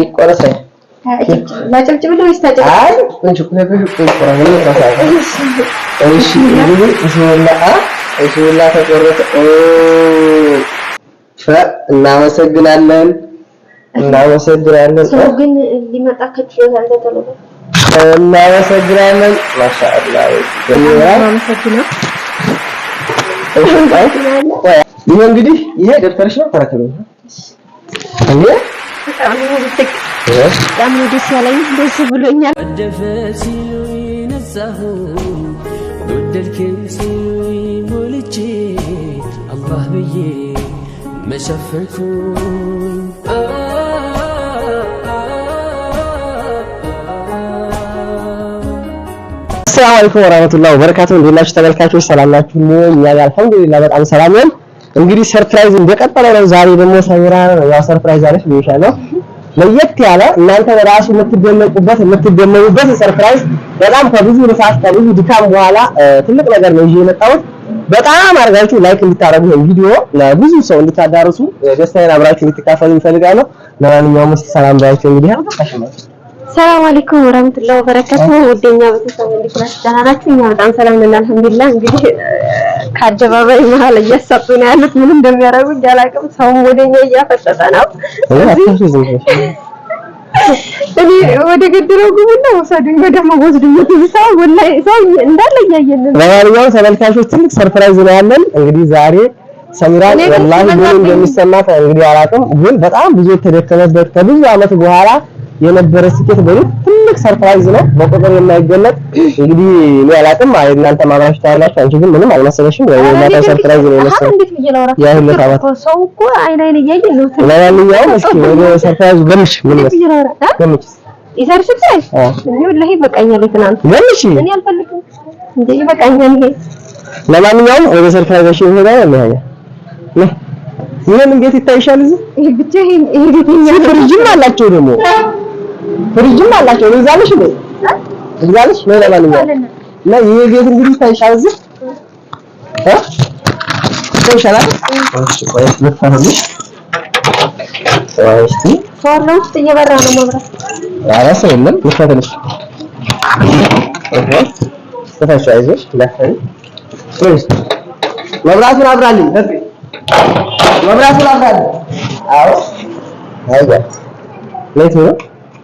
ይቆረሰ ማጨብጭብ እናመሰግናለን፣ እናመሰግናለን። ግን ሊመጣ ከችሎታ እናመሰግናለን። ማሻአላ እናመሰግናለን። እንግዲህ ይሄ ደብተርሽ ነው ተረከበኝ እንዴ በጣም ነው ደስ ያለኝ። ደስ ብሎኛል። ወደፈ ሲሉ ሲሉ ሞልቼ አላህ ብዬ ሰላም አለይኩም ወራህመቱላሂ ወበረካቱሁ። እንዴት ናችሁ ተመልካቾች? ሰላም ናችሁ? እኛ ጋር አልሐምዱሊላህ በጣም ሰላም ነን። እንግዲህ ሰርፕራይዝ እንደቀጠለ ነው። ዛሬ ደግሞ ሰሚራ ነው ያው ሰርፕራይዝ አለሽ አለች ነው ለየት ያለ እናንተ በራሱ የምትደመቁበት የምትደመሙበት ሰርፕራይዝ በጣም ከብዙ ልፋት ከብዙ ድካም በኋላ ትልቅ ነገር ነው ይዤ የመጣሁት። በጣም አድርጋችሁ ላይክ እንድታደርጉ ነው ቪዲዮ ለብዙ ሰው እንድታዳርሱ ደስታዬን አብራችሁ እንድትካፈሉ እፈልጋለሁ። ለማንኛውም ሰላም ባያችሁ እንግዲህ ሰላም አለይኩም ወራህመቱላሂ ወበረካቱ። ወደኛ ቤተሰብ እንዴት ናችሁ? ደህና ናችሁ? እኛ በጣም ሰላም ነን አልሐምዱሊላህ። እንግዲህ ከአደባባይ መሀል እያሳጡ ነው ያሉት። ምን እንደሚያደርጉ አላውቅም። ሰውም ወደኛ እያፈጠጠ ነው። እኔ ወደ ገደለው ግቡና ወሰዱኝ፣ ወደ መወስዱኝ ትዝታ ወላሂ ሰው እንዳለ እያየን ነው። ለማንኛውም ተመልካቾች ትልቅ ሰርፕራይዝ ነው ያለን እንግዲህ ዛሬ ሰሚራን ወላሂ ምን እንደሚሰማት እንግዲህ አላውቅም፣ ግን በጣም ብዙ የተደከመበት ከብዙ አመት በኋላ የነበረ ስኬት በእኔ ትልቅ ሰርፕራይዝ ነው፣ በቁጥር የማይገለጥ እንግዲህ እኔ አላውቅም። እናንተ ማብራሽ ታላችሁ፣ አንቺ ግን ምንም አልመሰለሽም። የማታ ሰርፕራይዝ ነው መሰለኝ። ለማንኛውም እስኪ ወደ ሰርፕራይዙ ገምሽ፣ ምን ገምሽ። ትናንት ገምሽ፣ እንዴ ያለው ነው ይታይሻል? እዚህ ይሄ ብቻ ይሄ ይሄ አላቸው ደግሞ ፍሪጅም አላቸው። ልግዛልሽ እንዴ? ልግዛልሽ ነው። ለማንኛውም እና ይሄ ቤት እንግዲህ ታይሻል እዚህ እ ታይሻላል እሺ። ቆይ ልታፈልሽ እስቲ ፎርኖ ውስጥ እየበራ ነው መብራት። ኧረ ሰው የለም። ልታፈልሽ ኦኬ። ስታሽ አይዞሽ ለፈን ወይስ መብራቱን አብራልኝ። ለዚ መብራቱን አብራልኝ። አዎ አይጋ ለይቶ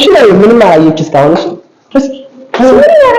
አንቺ ላይ ምንም አላየች እስካሁን። እሺ እስኪ ሌላ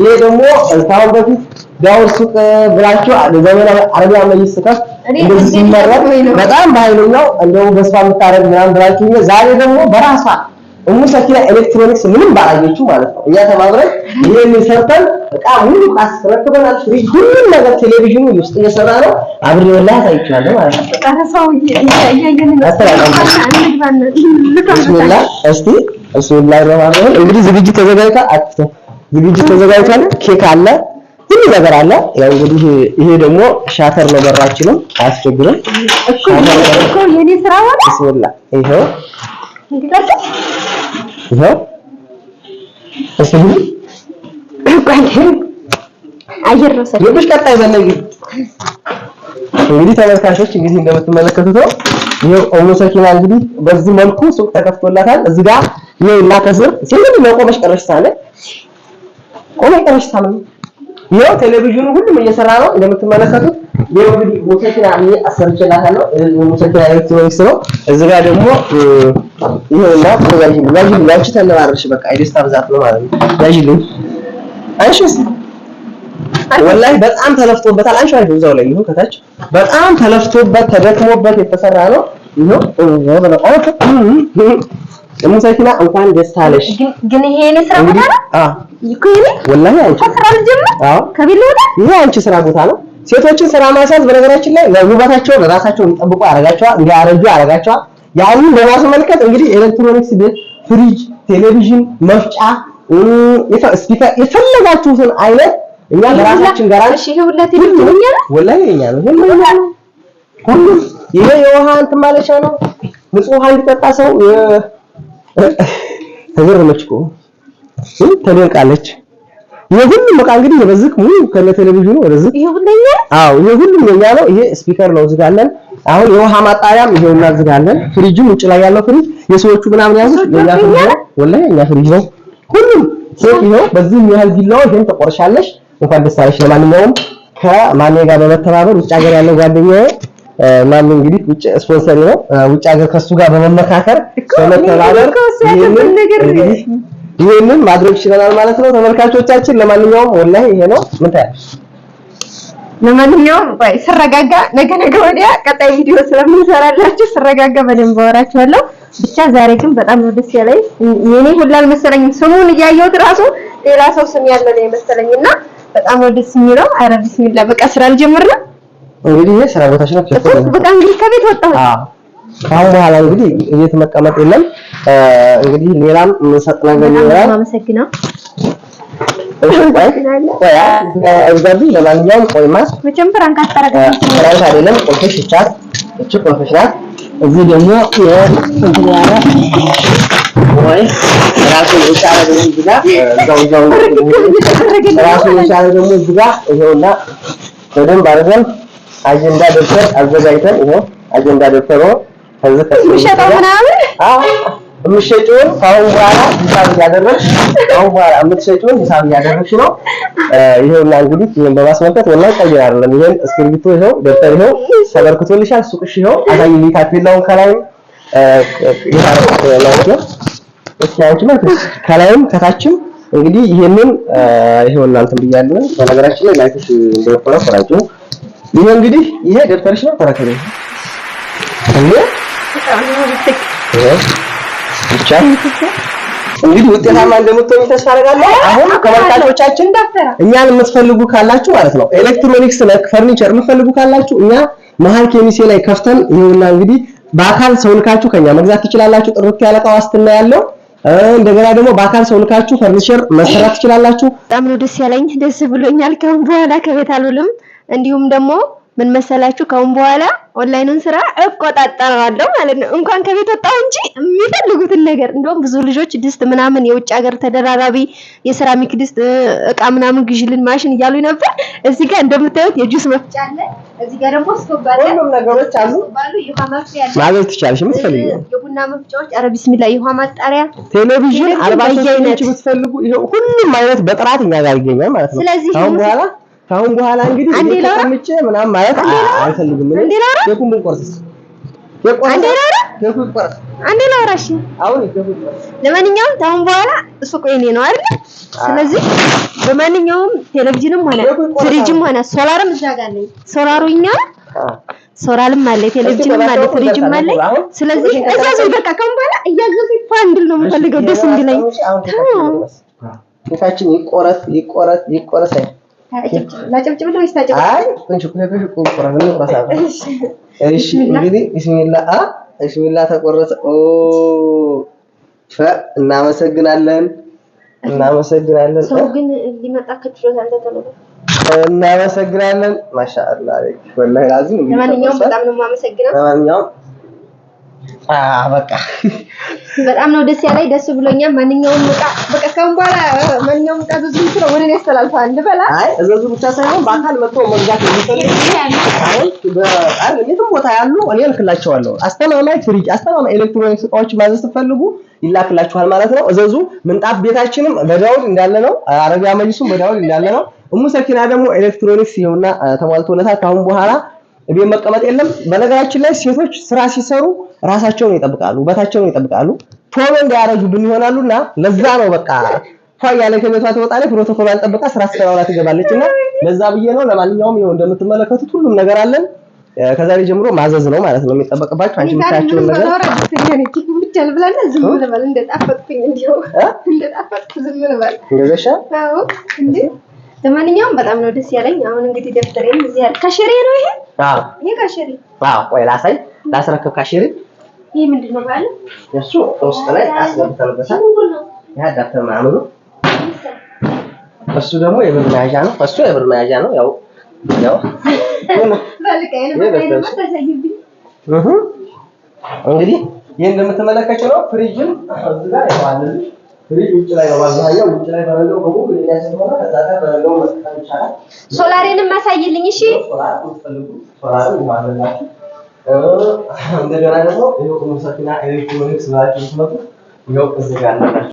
ይሄ ደግሞ እስካሁን በፊት ዳውን ሱቅ ብላችሁ ዘመናዊ አረቢያ ላይ እንደዚህ ሲመረጥ በጣም በኃይለኛው እንደው በስፋ የምታረግ ምናምን ብላችሁ ዛሬ ደግሞ በራሷ እሙ ሰኪና ኤሌክትሮኒክስ ምንም ባላየችው ማለት ነው። እኛ ተባብረን ይሄን ሰርተን በቃ ሙሉ ቃስ ተረክበናል። ፍሪጅ፣ ሁሉም ነገር ቴሌቪዥኑ ውስጥ እየሰራ ነው። አብሬ ወላ ታይቻለሁ ማለት ነው። እስቲ ብስሚላህ ረህማን ረሂም እንግዲህ ዝግጅት ተዘጋጅታ አጥቶ ዝግጅት ተዘጋጅቷል። ኬክ አለ፣ ሁሉ ነገር አለ። ያው እንግዲህ ይሄ ደግሞ ሻተር ነው፣ በራችንም አያስቸግርም። እንግዲህ ተመልካቾች እንግዲህ እንደምትመለከቱት ነው። ይሄው ኦሞ ሰኪና እንግዲህ በዚህ መልኩ ሱቅ ተከፍቶላታል። እዚህ ጋር ይሄው እና ከስር ሲል ቀረሽ ታለ ቆመኝ ይኸው ቴሌቪዥኑ ሁሉም እየሰራ ነው እንደምትመለከቱት። ይኸው እንግዲህ ሙሰኪና አሰርቼላታለሁ። ሙሰኪና ኤሌክትሮኒክስ ነው። እዚህ ጋር ደግሞ ይሄውና ያዥልኝ ያዥልኝ። አንቺ ተነባረርሽ፣ በቃ የደስታ ብዛት ነው ማለት ነው። ያዥልኝ አንቺስ ወላሂ በጣም ተለፍቶበታል። አንቺ እዛው ላይ ይሁን ከታች በጣም ተለፍቶበት ተደክሞበት የተሰራ ነው። ይኸው ሙሰኪና እንኳን ደስ አለሽ። ግን ነው ስራ ቦታ ነው ይሄ አንቺ ስራ ቦታ ነው። ሴቶችን ስራ ማስያዝ በነገራችን ላይ ለውበታቸው ለራሳቸው እንዲጠብቁ ያደርጋቸዋል፣ እንዲያረጁ ያደርጋቸዋል። ያንን በማስመልከት እንግዲህ ኤሌክትሮኒክስ ቤት፣ ፍሪጅ፣ ቴሌቪዥን፣ መፍጫ፣ የፈለጋችሁትን አይነት እኛ ለራሳችን ጋራ እሺ፣ ይሄ ሁላ ቴሌቪዥን ነው ወላሂ ሁሉ ይሄ የውሃ እንትን ማለሻ ነው። ንጹህ ውሃ እንዲጠጣ ሰው ተገርመች እኮ ተደንቃለች። የሁሉም ዕቃ እንግዲህ የበዝክ ሙሉ ከነ ቴሌቪዥኑ ወደዚህ ይሄ ሁሉኛ አዎ፣ ይሄ ሁሉም የኛ ነው። ይሄ ስፒከር ነው፣ እዚህ ጋር አሁን የውሃ ማጣሪያም ይሄውና እዚህ ጋር አለን። ፍሪጅም ውጭ ላይ ያለው ፍሪጅ የሰዎቹ ምናምን ያዙት የኛ ፍሪጅ ነው፣ ወላሂ የኛ ፍሪጅ ነው። ሁሉም ሰው ይሄው በዚህ ያህል ቢላው ይሄን ተቆርሻለሽ፣ እንኳን ደስ አለሽ። ለማንኛውም ከማን ጋር በመተባበር ውጭ ሀገር ያለው ጓደኛዬ ማን እንግዲህ ውጭ ስፖንሰር ነው፣ ውጭ ሀገር ከሱ ጋር በመመካከር በመተባበር ይሄን ነገር ይሄንን ማድረግ ይችላል ማለት ነው ተመልካቾቻችን። ለማንኛውም ወላሂ ይሄ ነው ምን ታያለሽ? ለማንኛውም ወይ ስረጋጋ ነገ ነገ ወዲያ ቀጣይ ቪዲዮ ስለምንሰራላችሁ ስረጋጋ በደንብ አወራችኋለሁ። ብቻ ዛሬ ግን በጣም ነው ደስ ያለኝ። የኔ ሁላ አልመሰለኝም ስሙን እያየሁት ራሱ ሌላ ሰው ስም ያለ ነው የመሰለኝና በጣም ነው ደስ የሚለው። አረ ቢስሚላ በቃ ስራ ልጀምር ነው እንግዲህ። ይሄ ስራ ቦታሽ ነው። በቃ እንግዲህ ከቤት ወጣሁ። አዎ ካሁን በኋላ እንግዲህ ቤት መቀመጥ የለም። እንግዲህ ሌላም የምንሰጥ ነገር ይኖራል። አመሰግና ለማንኛውም ቆይማ አይደለም፣ ቆልፌሽ ይቻት እቺ ቆልፌሽ ናት። እዚህ ደግሞ ራሱን የቻለ ደግሞ እዚህ ጋር ይኸውና በደንብ አድርገን አጀንዳ ደብተር አዘጋጅተን ይኸው አጀንዳ ደብተር ነው። የሚሸጠው የምትሸጪውን ከአሁን በኋላ ሂሳብ እያደረግሽ ከአሁን በኋላ የምትሸጪውን ሂሳብ እያደረግሽ ነው። ይሄውና እንግዲህ ይሄን በማስመልከት ወላሂ ቀይር አይደለም። ይሄን እስክሪብቶ ይሄው ደብተር ይሄው ተበርክቶልሻል። ሱቅሽ ይሄው አሳይ ከላይም ከላይም ከታችም እንግዲህ ይሄንን ይሄውና እንትን ብያለሁ። በነገራችን ላይ ላይቶች እንደወፈረ ይሄ እንግዲህ ይሄ ደብተርሽ ነው። እንዴ ብቻ እንግዲህ ውጤታማ እንደምትሆኑ ተስፋ አደርጋለሁ። አሁን ከመልካቾቻችን እኛን የምትፈልጉ ካላችሁ ማለት ነው ኤሌክትሮኒክስ ነክ ፈርኒቸር የምትፈልጉ ካላችሁ እኛ መሀል ኬሚሴ ላይ ከፍተን ይኸውና እንግዲህ በአካል ሰው ልካችሁ ከኛ መግዛት ትችላላችሁ። ጥርት ያለ ዕቃ ዋስትና ያለው እንደገና ደግሞ በአካል ሰው ልካችሁ ፈርኒቸር መሰራት ትችላላችሁ። በጣም ነው ደስ ያለኝ፣ ደስ ብሎኛል። ከአሁን በኋላ ከቤት አልውልም። እንዲሁም ደግሞ ምን መሰላችሁ? ካሁን በኋላ ኦንላይኑን ስራ እቆጣጠረዋለሁ ማለት ነው። እንኳን ከቤት ወጣሁ እንጂ የሚፈልጉትን ነገር እንደውም ብዙ ልጆች ድስት ምናምን የውጭ ሀገር ተደራራቢ የሴራሚክ ድስት እቃ ምናምን ግዥልን ማሽን እያሉ ነበር። እዚህ ጋር እንደምታዩት የጁስ መፍጫ አለ። እዚህ ጋር ደግሞ ስኮባለ ሁሉም ነገሮች አሉ። ማለት ትቻለሽ የምትፈልጊው የቡና መፍጫዎች፣ ኧረ ቢስሚላ፣ የውሃ ማጣሪያ፣ ቴሌቪዥን፣ አርባ አይነት ብትፈልጉ ሁሉም አይነት በጥራት እኛ ጋር ይገኛል ማለት ነው። ስለዚህ አሁን በኋላ ካሁን በኋላ እንግዲህ አንዴ ምናምን ማለት አልፈልግም። ምን ቁርስ አንዴ አንዴ አሁን ለማንኛውም ካሁን በኋላ ሱቁ የኔ ነው አይደል? ስለዚህ በማንኛውም ቴሌቪዥንም ሆነ ፍሪጅም ሆነ ሶላርም እዛ ጋር ሶላርም አለ፣ ቴሌቪዥንም አለ፣ ፍሪጅም አለ። ስለዚህ እዛ ዘይ በቃ በኋላ ፋንድል ነው የምፈልገው ደስ እንዲለኝ። ታችን ይቆረጥ ይቆረጥ ይቆረጥ ላጨብጭብ ወይስ ታጨብጭብ? አይ እንጂ ነው ራሳ። እሺ እንግዲህ ቢስሚላ አ ቢስሚላ ተቆረሰ። ኦ ፈ እናመሰግናለን፣ እናመሰግናለን። ሰው ግን ሊመጣ ከችሎታ እንደተለበ እናመሰግናለን። ማሻአላ አለክ ወላሂ አዚም። ለማንኛውም በጣም ነው የማመሰግነው። ለማንኛውም አ በቃ በጣም ነው ደስ ያለኝ። ደስ ብሎኛል። ማንኛውም ዕቃ በቃ ከአሁን በኋላ ማንኛውም ዕቃ ዘዙ ብቻ ነው ወደኔ ያስተላልፋል ልበላ። አይ ዘዙ ብቻ ሳይሆን በአካል መጥቶ መግዛት የሚፈልግ አይ የትም ቦታ ያሉ እኔ እልክላቸዋለሁ። አስተማማኝ ፍሪጅ፣ አስተማማኝ ኤሌክትሮኒክስ ዕቃዎች ማዘዝ ስትፈልጉ ይላክላችኋል ማለት ነው። እዘዙ። ምንጣፍ ቤታችንም በዳውድ እንዳለ ነው። አረቢያ መጅሱም በዳውድ እንዳለ ነው። እሙ ሰኪና ደግሞ ኤሌክትሮኒክስ ይኸውና ተሟልቶለታል። ከአሁን በኋላ እቤት መቀመጥ የለም። በነገራችን ላይ ሴቶች ስራ ሲሰሩ ራሳቸውን ይጠብቃሉ፣ ውበታቸውን ይጠብቃሉ፣ ቶሎ እንዳያረጁብን ይሆናሉና ለዛ ነው በቃ ፋይ ያለ ከቤቷ ትወጣለች፣ ፕሮቶኮል ጠብቃ ስራ ስራውላ ትገባለች። እና ለዛ ብዬ ነው። ለማንኛውም ይኸው እንደምትመለከቱት ሁሉም ነገር አለን። ከዛሬ ጀምሮ ማዘዝ ነው ማለት ነው የሚጠበቅባችሁ። አንቺ ብቻችሁን ነገር እንደጣፈጥኩኝ እንዲሁ እንደጣፈጥኩ ዝም ብለናል። እንደዛሻ አዎ እንዴ ለማንኛውም በጣም ነው ደስ ያለኝ። አሁን እንግዲህ ደብተሬን እዚህ ያለ ካሽሬ ነው ይሄ። አዎ ይሄ ካሽሬ። አዎ ቆይ ላሳይ፣ ላስረክብ። ካሽሬ ይሄ ምንድን ነው ባለ እሱ ውስጥ ላይ አስገብተንበታል። ይሄ ዳተር ምናምን ነው። እሱ ደግሞ የብር መያዣ ነው። እሱ የብር መያዣ ነው። ያው ያው እንግዲህ ይሄን እንደምትመለከቱ ነው። ፍሪጅም እዚህ ጋር ይዋላል። ውጭ ላይ ውጭ ላይ ሶላሬንም አሳይልኝ። እሺ፣ እንደገና ደግሞ